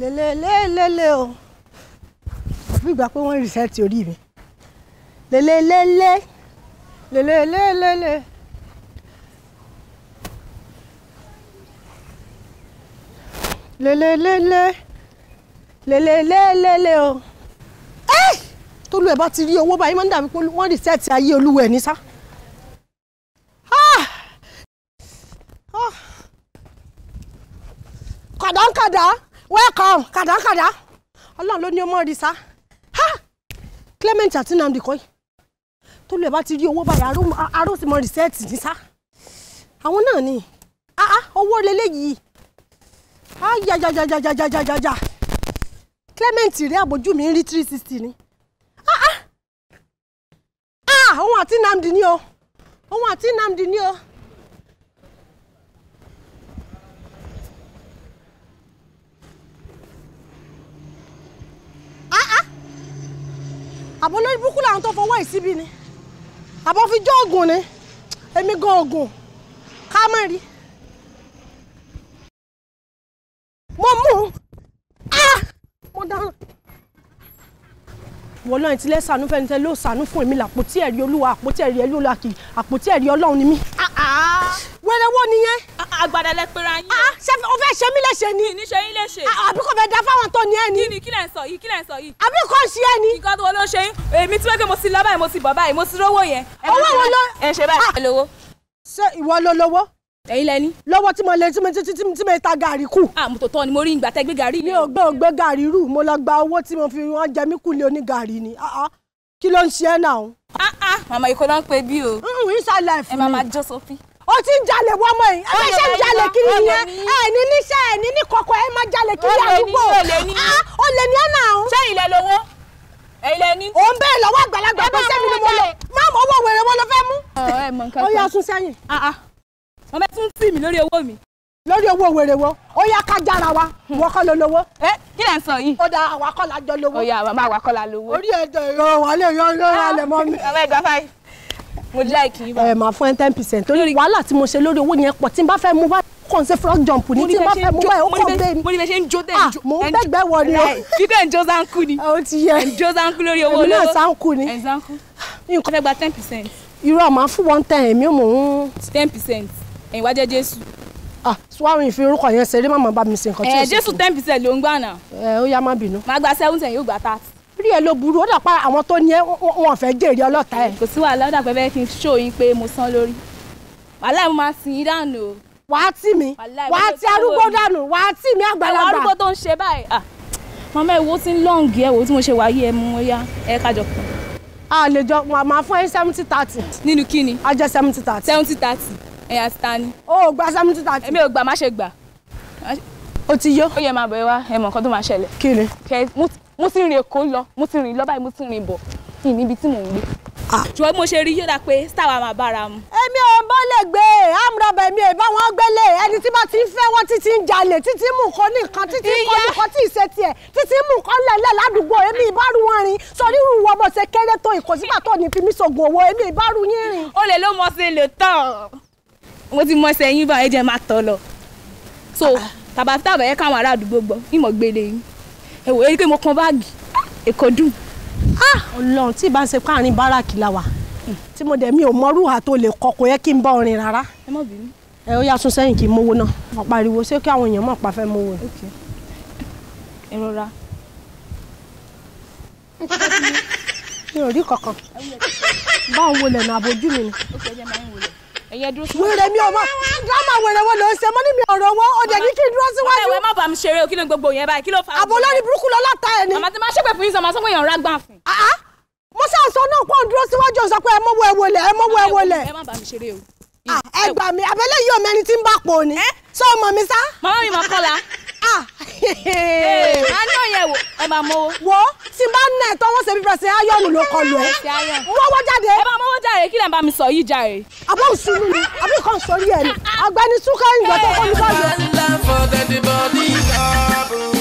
lélẹ́lẹ́lẹ́lẹ́ o àfi ìgbà pé wọ́n rìsẹ́ẹ̀tì orí mi lélẹ́lẹ́lẹ́ lélẹ́lẹ́lẹ́lẹ́. lélẹ́lẹ́lẹ́ lélẹ́lẹ́lẹ́lẹ́ o tólú ẹ̀ bá ti rí owó báyìí máa ń dàbí pé wọ́n rìsẹ́ẹ̀tì ayé olúwẹ̀ ní sá. kàdánkàdá. Ah! Ah! welcome kàdákàdá ọlọ́run ló ní ọmọ rí sá ha Clement àti Nnamdi kọ́ yìí tó lè bá ti rí owó báyìí aró sì mọ rìsẹ́ẹ̀tì ní sá àwọn náà ni ah, ah, owó leléyìí ayajajajajajajaja Clement rí àbójú mi rí three sixty ni Ah ah. Ah, òun àti Nnamdi ni o òun àti Nnamdi ni o. àbọ̀ lórí burúkú làwọn tó fọwọ́ ìsíbi ni àbọ̀ fi jọ́ ògùn ni èmi gan ògùn ká má rí mo mú ah! mo dáná wọ́n lọ́yìn tilẹ̀ sànú fẹ́ni tẹ́ ló sànú fún èmi làpótí ẹ̀rí olúwa àpótí ẹ̀rí olúwa kì í àpótí ẹ̀rí ọlọ́run ni mí. Ah, ah ọ̀gọ̀dẹ̀ lẹ pera yín. ah ṣe o fẹ́ ṣe mí léṣe ni. ní ṣe yín léṣe. Ah, àbí kò fẹ́ da fáwọn tó ní ẹ ni. kí ni kí lẹ̀ ń sọ yìí kí lẹ̀ ń sọ yìí. àbí kò ṣe ẹ ni. nǹkan tó ló ṣe yín èmi tí wọ́n pé mo ti lọ báyìí mo ti bọ̀ báyìí mo ti rówó yẹn. owó wo ló. ẹ ṣe báyìí ah, lówó. ṣé ìwọ ló lówó. ẹ̀yin lẹ ní. lọ́wọ́ tí mo lè tí mo ti tí mo ta gàrí kù. àmọ́ ah, tòótọ́ ni mo rí ìgbà tẹ́ gbé gàrí. mi ò gbé ògbé gàrí rù mo lọ gba owó tí mo fi wọ́n jẹ mí kùlé onígàrí ni kí ló ń ṣe ẹ́ náà. màmá ìkọlá ń pe bí o. ìsàlẹ̀ fún mi. ẹ máa ma jó sófin. O ti ń jalè wọ ọmọ yìí ẹ ṣe ń jalè kiri yẹn ẹ ní níṣẹ́ ẹ ní ní kọ̀kọ̀ ẹ má jalè kiri àdúgbò ó ah, lè ní ọ̀nà àwọn. ṣé ilẹ̀ lówó ilẹ̀ ní. ò ń bẹ́ẹ̀ lọ́wọ́ àgbàlagbà pé sẹ́mi ni mo lọ má mọ owó wèrè wọn lọ fẹ́ mú. ó yá sún sẹ́yìn. wọ́n ah, ah. fẹ́ tún tì mí lórí owó mi. lórí owó wèrè wo ó yá ká jára wa hmm. wọ́n kọ́ ló lówó. ẹ kí lẹ sọ yìí. ó da àwa kọ́ la jọ lówó. ó yá àwa máa wà kọ́ la lówó. orí ẹ̀jọ̀ ìrọ̀ wà lè yọ ìrọ̀ alẹ̀ mọ́ mi. ọmọ ẹ̀gbọ́n fáyì mo like yín bá. ẹ máa fún ẹ ten percent torí wàhálà tí mo ṣe lórí owó yẹn pọ̀ tí n bá fẹ́ mú bá kàn ṣe frog jump ní tí n bá fẹ́ mú bá ó kàn bẹ́ẹ̀ ni. mo ní bẹ ṣe ń jó dẹ́n ah, jó. mo ń bẹ́gbẹ́ wọ ni o. dídẹ̀ ń jó sáńkù ni. o ti yẹ ń jó sáńkù lórí owó lọ́wọ́. èmi náà sáńkù ni. ẹ̀ sáńkù. fẹ́ gba ten percent. irú ọ̀ máa fún wọn ten èmi mò ń. ten percent ẹ̀yin wá jésù. ah swarin fi orúkọ yẹn ṣeré má máa bá mi ṣe nǹkan tí eh, ten percent ló ń gbà náà. ẹ eh, ó yá má rí ẹ ló burú ó dàpá àwọn tó ní ẹ wọn fẹ́ jèrè ọlọ́ta ẹ. kò sí wàhálà ó dàpẹ́ bẹ́ẹ̀ kí n ṣó yín pé mo san lórí wàhálà mo máa sìn yín dànù o. wàá tì mí wàá ti arúgbó dànù wàá tì mí àgbàlagbà. àwọn arúgbó tó ń ṣe báyìí màmá ẹ wo tí ń lọ́ǹgì ẹ wo tí mo ṣe wáyé ẹ mú ya ẹ kájọ kan. a lè jọ màmá fún ẹ seventy thirty. nínú kí ni. a jẹ seventy thirty. seventy thirty ẹ̀yà ti ta ni. o ò gba seventy thirty. èmi ò gbà má ṣe gbà. o ti yó. ó yẹ máa bẹ̀ wá ẹ mọ̀ nǹkan tó máa ṣẹlẹ̀. kí ni. kẹ mo ti rìn èkó lọ mo ti rìn lọ báyìí mo ti rìn bọ̀ ní níbi tí mò ń gbé. Ah. ṣùgbọ́n mo ṣe rí yóò pé star máa bára mu. èmi ò bọ́ lè gbé amúrabà èmi ò bá wọn gbélé ẹni tí bá ti ń fẹ́ wọn títí ń jalè títí mú nǹkan ní títí kọ́ nǹkan tí ì ṣe tiẹ̀ títí mú nǹkan lẹ̀lẹ̀ ládùúgbò èmi ìbárù wọn rìn sọrí rú wọn bọ̀ ṣe kéré tó ìkòsíbà tó ní fi mí sògùn owó èmi ìbárù yín rìn. o lè ló mọ lè tán mo ti mọ yín báyìí jẹ máa tọ lọ so ah. tàbátàbà yẹ káwọn ará àdúgbò gbọ́ yín ẹ wò erike mo kan báàgì èkó dùn. Ah! Ọlọ́run tí ìbá ń ṣe páàrin báràkì la wà tí mo dẹ̀ mi ò mọ́rú àtò lè kọ kò yẹ kí n bá ọrin rárá. ẹ má bínú. ẹ ó yà sún sẹ́yìn kí n mówó náà mo pariwo ṣé kí àwọn èèyàn mọ̀ pa fẹ́ mówó ẹ. ẹ rọra. mi ò rí kankan báwo lẹ̀nà àbójú mi ni. ó ṣe jẹ́ máa ń wò ẹyẹ dúró sí. wèrè mi ọmọ drama wèrè wo ṣe mọ ní mi ọ̀rọ̀ wọn ó dẹ̀ kí n dúró síwájú. ọmọ ẹ̀wẹ̀ má bàa mi ṣeré o kí ni gbogbo yẹn báyìí kí ló fà á. àbò burúkú lọ láta ẹni. màmá ti máa ṣépè fún yín sọ màá sọ pé èèyàn rágbá fún. Ah, ah. mo ṣàṣọ náà pọ̀ dúró síwájú sọ pé ẹ mọ̀ wọ ẹ wọlé ẹ mọ̀ wọ ẹ wọlé. ẹ má bàa mi ṣeré o. Ah, ẹ gbà mí abẹ́lẹ́ yìí ọmọ ẹni tí a ní òye wò ẹ máa mọ owó. wo tí n bá ń ná ẹ̀ tọ́wọ́ ṣe pẹ̀sẹ̀ ayọ̀nù ló kọlu ẹ. wọ́wọ́ jáde. ẹ bá mọ́wọ́ ń bá mi sọ yìí jàre. àbá òsínú ni àbí kan sórí ẹ ni àgbẹni gbọ́dọ̀ kọ́ mi báyìí.